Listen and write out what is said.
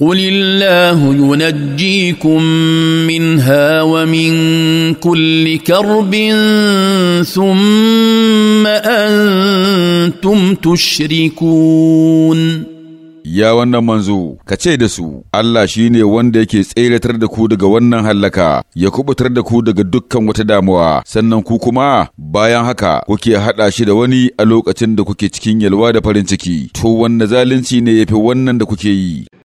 قل الله ينجيكم منها ومن كل كرب ثم انتم تشركون ya wannan manzo ka ce da su Allah shine wanda yake tseratar da ku daga wannan hallaka ya kubutar da ku daga dukkan wata damuwa sannan ku kuma bayan haka kuke haɗa shi da wani a lokacin da kuke cikin yalwa da farin ciki to wanne zalunci ne yafi wannan da kuke yi